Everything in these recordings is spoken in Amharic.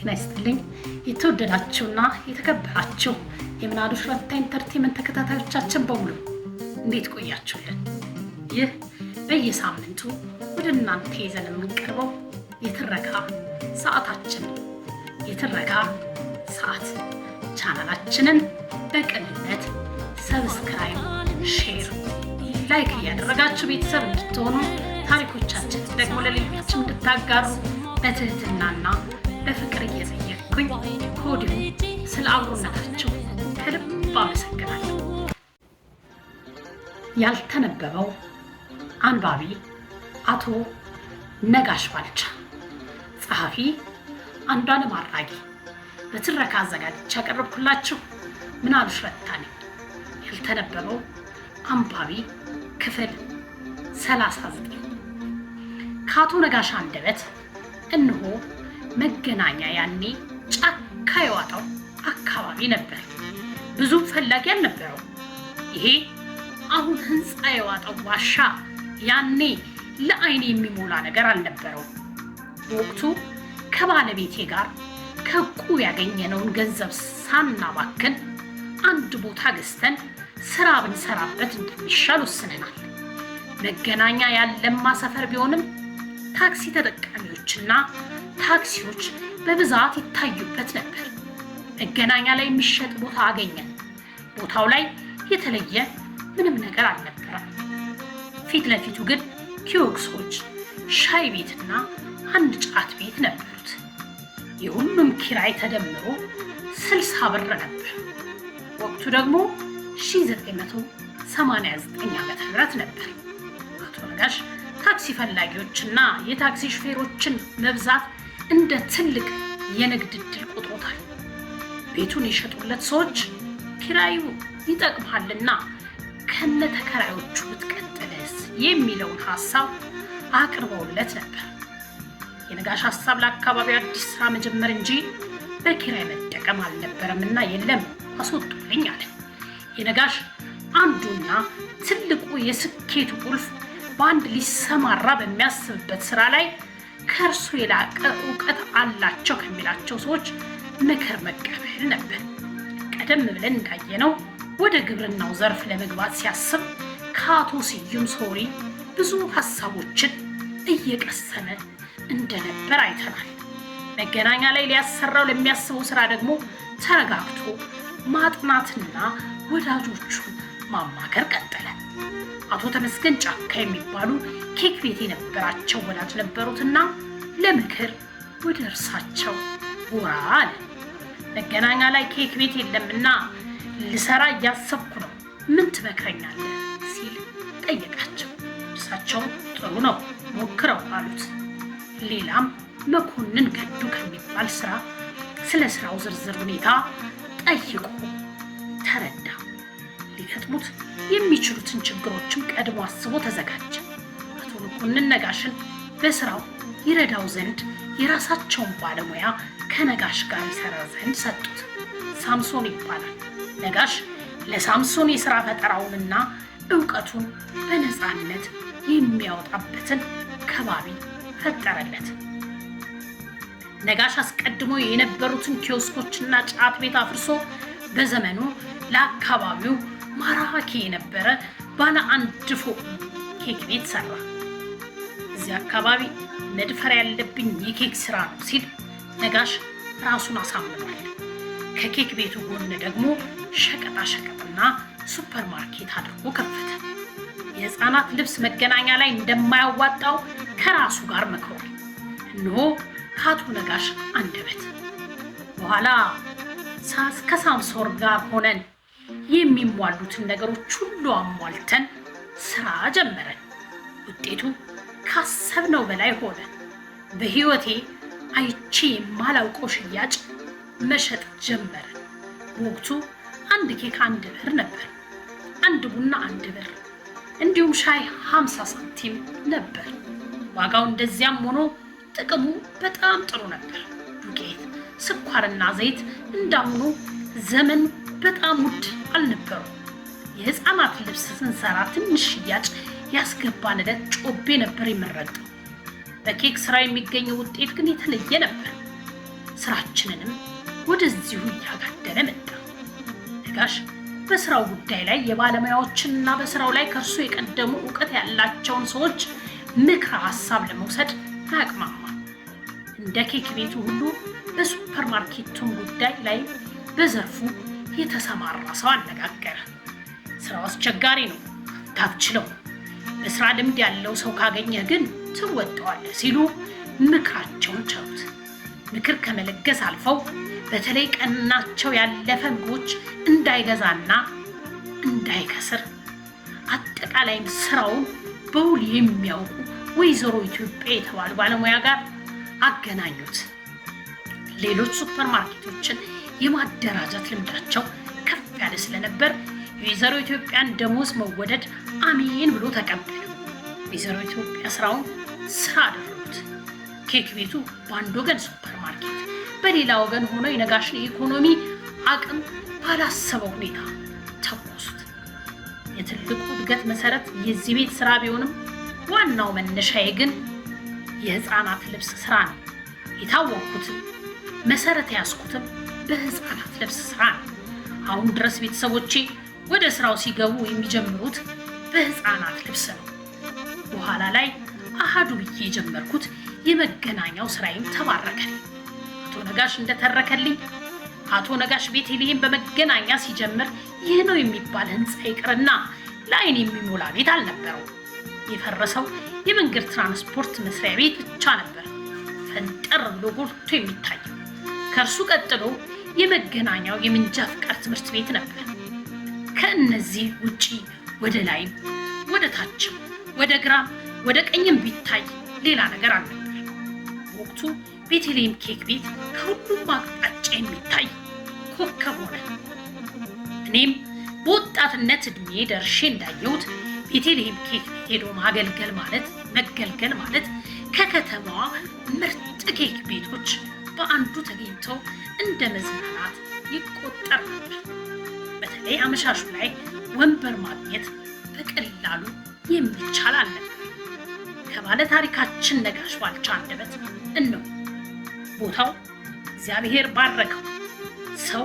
ጤና ይስጥልኝ የተወደዳችሁና የተከበራችሁ የምናሉሽ ረታ ኢንተርቴንመንት ተከታታዮቻችን በሙሉ እንዴት ቆያችሁልን? ይህ በየሳምንቱ ወደ እናንተ ይዘን የምንቀርበው የትረካ ሰዓታችን የትረካ ሰዓት ቻናላችንን በቅንነት ሰብስክራይብ፣ ሼር፣ ላይክ እያደረጋችሁ ቤተሰብ እንድትሆኑ ታሪኮቻችን ደግሞ ለሌሎችም እንድታጋሩ በትህትናና በፍቅር እየጠየቅኩኝ ሆድ ስለ አብሮነታቸው ከልብ አመሰግናለሁ። ያልተነበበው አንባቢ አቶ ነጋሽ ባልቻ፣ ጸሐፊ አንዷለም አራጌ። በትረካ አዘጋጅቼ ያቀረብኩላችሁ ምናሉሽ ረታ ነኝ። ያልተነበበው አንባቢ ክፍል 39 ከአቶ ነጋሽ አንደበት እንሆ መገናኛ ያኔ ጫካ የዋጠው አካባቢ ነበር። ብዙም ፈላጊ አልነበረው። ይሄ አሁን ህንፃ የዋጠው ዋሻ ያኔ ለአይን የሚሞላ ነገር አልነበረው። በወቅቱ ከባለቤቴ ጋር ከቁ ያገኘነውን ገንዘብ ሳናባክን አንድ ቦታ ገዝተን ስራ ብንሰራበት እንደሚሻል ወስነናል። መገናኛ ያለማ ሰፈር ቢሆንም ታክሲ ተጠቃሚዎችና ታክሲዎች በብዛት ይታዩበት ነበር። መገናኛ ላይ የሚሸጥ ቦታ አገኘን። ቦታው ላይ የተለየ ምንም ነገር አልነበረም። ፊት ለፊቱ ግን ኪዮክሶች፣ ሻይ ቤትና አንድ ጫት ቤት ነበሩት። የሁሉም ኪራይ ተደምሮ ስልሳ ብር ነበር። ወቅቱ ደግሞ 1989 ዓመተ ምህረት ነበር። አቶ ነጋሽ ታክሲ ፈላጊዎችና የታክሲ ሹፌሮችን መብዛት እንደ ትልቅ የንግድ እድል ቆጥሮታል። ቤቱን የሸጡለት ሰዎች ኪራዩ ይጠቅምሃልና ከነ ተከራዮቹ ብትቀጥልስ የሚለውን ሀሳብ አቅርበውለት ነበር። የነጋሽ ሀሳብ ለአካባቢው አዲስ ስራ መጀመር እንጂ በኪራይ መጠቀም አልነበረም እና የለም አስወጡልኝ አለ። የነጋሽ አንዱና ትልቁ የስኬቱ ቁልፍ በአንድ ሊሰማራ በሚያስብበት ስራ ላይ ከእርሱ የላቀ እውቀት አላቸው ከሚላቸው ሰዎች ምክር መቀበል ነበር። ቀደም ብለን እንዳየነው ወደ ግብርናው ዘርፍ ለመግባት ሲያስብ ከአቶ ስዩም ሶሪ ብዙ ሀሳቦችን እየቀሰመ እንደነበር አይተናል። መገናኛ ላይ ሊያሰራው ለሚያስበው ስራ ደግሞ ተረጋግቶ ማጥናትና ወዳጆቹን ማማከር ቀጠለ። አቶ ተመስገን ጫካ የሚባሉ ኬክ ቤት የነበራቸው ወዳጅ ነበሩትና ለምክር ወደ እርሳቸው ጎራ መገናኛ ላይ ኬክ ቤት የለምና ልሰራ እያሰብኩ ነው፣ ምን ትመክረኛለህ? ሲል ጠየቃቸው። እርሳቸው ጥሩ ነው ሞክረው አሉት። ሌላም መኮንን ገዱ ከሚባል ስራ ስለ ስራው ዝርዝር ሁኔታ ጠይቆ ተረዳ። ሊገጥሙት የሚችሉትን ችግሮችም ቀድሞ አስቦ ተዘጋጀ። አቶ መኮንን ነጋሽን በስራው ይረዳው ዘንድ የራሳቸውን ባለሙያ ከነጋሽ ጋር ይሰራ ዘንድ ሰጡት። ሳምሶን ይባላል። ነጋሽ ለሳምሶን የስራ ፈጠራውንና እውቀቱን በነፃነት የሚያወጣበትን ከባቢ ፈጠረለት። ነጋሽ አስቀድሞ የነበሩትን ኪዮስኮችና ጫት ቤት አፍርሶ በዘመኑ ለአካባቢው ማራኪ የነበረ ባለ አንድ ፎቅ ኬክ ቤት ሰራ። እዚህ አካባቢ መድፈር ያለብኝ የኬክ ስራ ነው ሲል ነጋሽ ራሱን አሳምኗል። ከኬክ ቤቱ ጎን ደግሞ ሸቀጣ ሸቀጥና ሱፐር ማርኬት አድርጎ ከፈተ። የህፃናት ልብስ መገናኛ ላይ እንደማያዋጣው ከራሱ ጋር መክሯል። እንሆ ከአቶ ነጋሽ አንደበት በኋላ ከሳምሶር ጋር ሆነን የሚሟሉትን ነገሮች ሁሉ አሟልተን ስራ ጀመረን። ውጤቱ ካሰብነው በላይ ሆነ። በህይወቴ አይቼ የማላውቀው ሽያጭ መሸጥ ጀመረን። በወቅቱ አንድ ኬክ አንድ ብር ነበር። አንድ ቡና አንድ ብር እንዲሁም ሻይ 50 ሳንቲም ነበር ዋጋው። እንደዚያም ሆኖ ጥቅሙ በጣም ጥሩ ነበር። ዱቄት፣ ስኳርና ዘይት እንዳሁኑ ዘመን በጣም ውድ አልነበሩም። የህፃናት ልብስ ስንሰራ ትንሽ ሽያጭ ያስገባን ዕለት ጮቤ ነበር የምንረግጠው። በኬክ ስራ የሚገኘው ውጤት ግን የተለየ ነበር። ስራችንንም ወደዚሁ እያጋደለ መጣ። ነጋሽ በስራው ጉዳይ ላይ የባለሙያዎችንና በስራው ላይ ከእርሱ የቀደሙ እውቀት ያላቸውን ሰዎች ምክረ ሀሳብ ለመውሰድ አያቅማማ። እንደ ኬክ ቤቱ ሁሉ በሱፐርማርኬቱን ጉዳይ ላይ በዘርፉ የተሰማራ ሰው አነጋገረ። ስራው አስቸጋሪ ነው፣ ታብችለው በስራ ልምድ ያለው ሰው ካገኘ ግን ትወጠዋለህ ሲሉ ምክራቸውን ቸሩት። ምክር ከመለገስ አልፈው በተለይ ቀናቸው ያለፈ ምግቦች እንዳይገዛና እንዳይከስር አጠቃላይም ስራውን በውል የሚያውቁ ወይዘሮ ኢትዮጵያ የተባሉ ባለሙያ ጋር አገናኙት። ሌሎች ሱፐርማርኬቶችን የማደራጀት ልምዳቸው ከፍ ያለ ስለነበር የወይዘሮ ኢትዮጵያን ደሞዝ መወደድ አሜን ብሎ ተቀበሉ። ወይዘሮ ኢትዮጵያ ስራውን ስራ አደረጉት። ኬክ ቤቱ በአንድ ወገን ሱፐርማርኬት፣ በሌላ ወገን ሆኖ የነጋሽን የኢኮኖሚ አቅም ባላሰበው ሁኔታ ተኮሱት። የትልቁ እድገት መሰረት የዚህ ቤት ስራ ቢሆንም ዋናው መነሻዬ ግን የህፃናት ልብስ ስራ ነው። የታወቅኩትም መሰረት ያስኩትም በህፃናት ልብስ ስራ ነው። አሁን ድረስ ቤተሰቦቼ ወደ ስራው ሲገቡ የሚጀምሩት በህፃናት ልብስ ነው። በኋላ ላይ አሃዱ ብዬ የጀመርኩት የመገናኛው ስራዬም ተባረከልኝ። አቶ ነጋሽ እንደተረከልኝ አቶ ነጋሽ ቤተልሔም በመገናኛ ሲጀምር ይህ ነው የሚባል ህንፃ ይቅርና ለአይን የሚሞላ ቤት አልነበረው። የፈረሰው የመንገድ ትራንስፖርት መስሪያ ቤት ብቻ ነበር ፈንጠር ብሎ ጎልቶ የሚታየው። ከእርሱ ቀጥሎ የመገናኛው የምንጃ ፍቃድ ትምህርት ቤት ነበር። ከእነዚህ ውጪ ወደ ላይም ወደ ታችም ወደ ግራም ወደ ቀኝም ቢታይ ሌላ ነገር አልነበር። በወቅቱ ቤተልሔም ኬክ ቤት ከሁሉም አቅጣጫ የሚታይ ኮከብ ሆነ። እኔም በወጣትነት እድሜ ደርሼ እንዳየሁት ቤተልሔም ኬክ ቤት ሄዶ ማገልገል ማለት መገልገል ማለት ከከተማዋ ምርጥ ኬክ ቤቶች በአንዱ ተገኝቶ እንደ መዝናናት ይቆጠር ነበር። በተለይ አመሻሹ ላይ ወንበር ማግኘት በቀላሉ የሚቻል አለ። ከባለ ታሪካችን ነጋሽ ባልቻ አንደበት እነው ቦታው እግዚአብሔር ባረከው። ሰው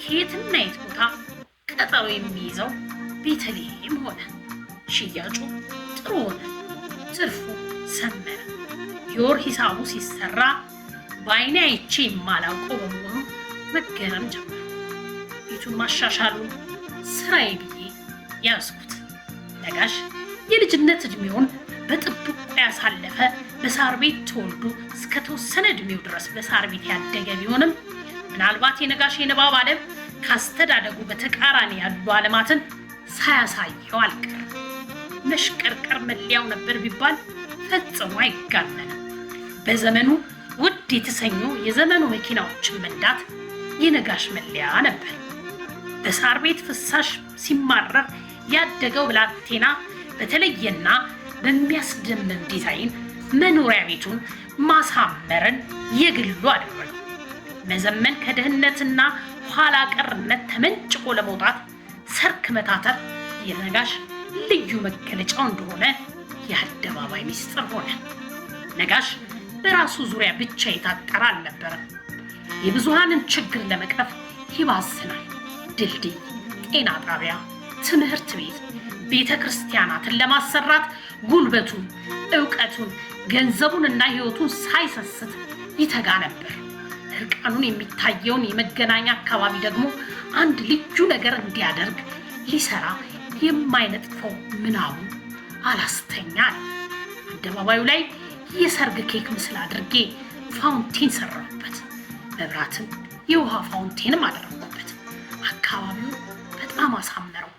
ከየትና የት ቦታ ቀጠሮ የሚይዘው ቤተልሔም ሆነ። ሽያጩ ጥሩ ሆነ፣ ትርፉ ሰመረ። የወር ሂሳቡ ሲሰራ በአይኔ አይቼ የማላውቀው በመሆኑ መገረም ጀመር። ቤቱን ማሻሻሉ ስራዬ ብዬ ያዝኩት። ነጋሽ የልጅነት እድሜውን በጥብቁ ያሳለፈ በሳር ቤት ተወልዶ እስከተወሰነ እድሜው ድረስ በሳር ቤት ያደገ ቢሆንም ምናልባት የነጋሽ የንባብ ዓለም ካስተዳደጉ በተቃራኒ ያሉ ዓለማትን ሳያሳየው አልቀርም። መሽቀርቀር መለያው ነበር ቢባል ፈጽሞ አይጋነንም። በዘመኑ ውድ የተሰኙ የዘመኑ መኪናዎችን መንዳት የነጋሽ መለያ ነበር። በሳር ቤት ፍሳሽ ሲማረር ያደገው ብላቴና በተለየና በሚያስደምም ዲዛይን መኖሪያ ቤቱን ማሳመርን የግሉ አደረገ። መዘመን ከድህነትና ኋላ ቀርነት ተመንጭቆ ለመውጣት ሰርክ መታተር የነጋሽ ልዩ መገለጫው እንደሆነ የአደባባይ ሚስጥር ሆነ። ነጋሽ በራሱ ዙሪያ ብቻ የታጠረ አልነበረም። የብዙሃንን ችግር ለመቅረፍ ይባዝናል። ድልድይ፣ ጤና ጣቢያ፣ ትምህርት ቤት፣ ቤተ ክርስቲያናትን ለማሰራት ጉልበቱን፣ እውቀቱን፣ ገንዘቡን እና ህይወቱን ሳይሰስት ይተጋ ነበር። እርቃኑን የሚታየውን የመገናኛ አካባቢ ደግሞ አንድ ልዩ ነገር እንዲያደርግ ሊሰራ የማይነጥፈው ምናቡ አላስተኛል። አደባባዩ ላይ የሰርግ ኬክ ምስል አድርጌ ፋውንቴን ሰራሁበት። መብራትም የውሃ ፋውንቴንም አደረጉበት። አካባቢውን በጣም አሳመረው፣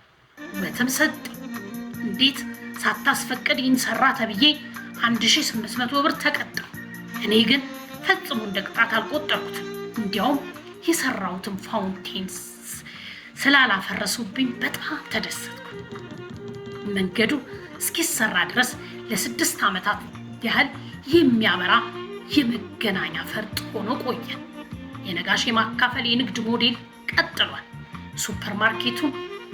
ውበትም ሰጥ። እንዴት ሳታስፈቅድ ይህን ሰራ ተብዬ 1800 ብር ተቀጣሁ። እኔ ግን ፈጽሞ እንደ ቅጣት አልቆጠርኩትም። እንዲያውም የሰራሁትን ፋውንቴን ስላላፈረሱብኝ በጣም ተደሰትኩ። መንገዱ እስኪሰራ ድረስ ለስድስት ዓመታት ያህል የሚያበራ የመገናኛ ፈርጥ ሆኖ ቆየ። የነጋሽ የማካፈል የንግድ ሞዴል ቀጥሏል። ሱፐርማርኬቱን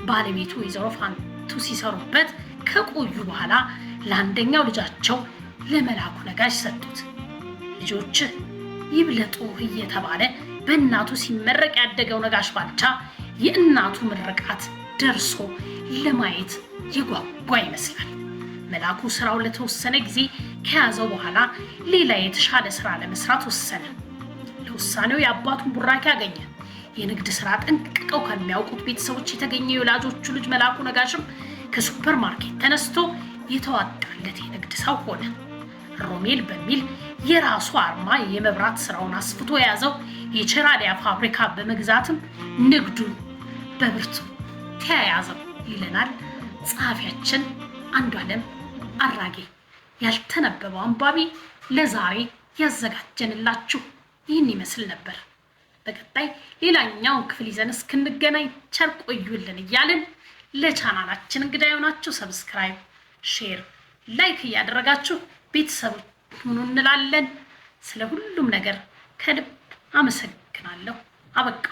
ባለቤቱ ወይዘሮ ፋንቱ ሲሰሩበት ከቆዩ በኋላ ለአንደኛው ልጃቸው ለመላኩ ነጋሽ ሰጡት። ልጆችህ ይብለጡ እየተባለ በእናቱ ሲመረቅ ያደገው ነጋሽ ባልቻ የእናቱ ምርቃት ደርሶ ለማየት የጓጓ ይመስላል። መላኩ ስራው ለተወሰነ ጊዜ ከያዘው በኋላ ሌላ የተሻለ ስራ ለመስራት ወሰነ። ለውሳኔው የአባቱን ቡራኬ አገኘ። የንግድ ስራ ጠንቅቀው ከሚያውቁት ቤተሰቦች የተገኘ የወላጆቹ ልጅ መላኩ ነጋሽም ከሱፐር ማርኬት ተነስቶ የተዋጣለት የንግድ ሰው ሆነ። ሮሜል በሚል የራሱ አርማ የመብራት ስራውን አስፍቶ የያዘው የቸራሊያ ፋብሪካ በመግዛትም ንግዱን በብርቱ ተያያዘው ይለናል ጸሐፊያችን አንዷለም አራጌ። ያልተነበበው አንባቢ ለዛሬ ያዘጋጀንላችሁ ይህን ይመስል ነበር። በቀጣይ ሌላኛውን ክፍል ይዘን እስክንገናኝ ቸር ቆዩልን እያልን ለቻናላችን እንግዳ የሆናችሁ ሰብስክራይብ፣ ሼር፣ ላይክ እያደረጋችሁ ቤተሰብ ሁኑ እንላለን። ስለ ሁሉም ነገር ከልብ አመሰግናለሁ። አበቃ።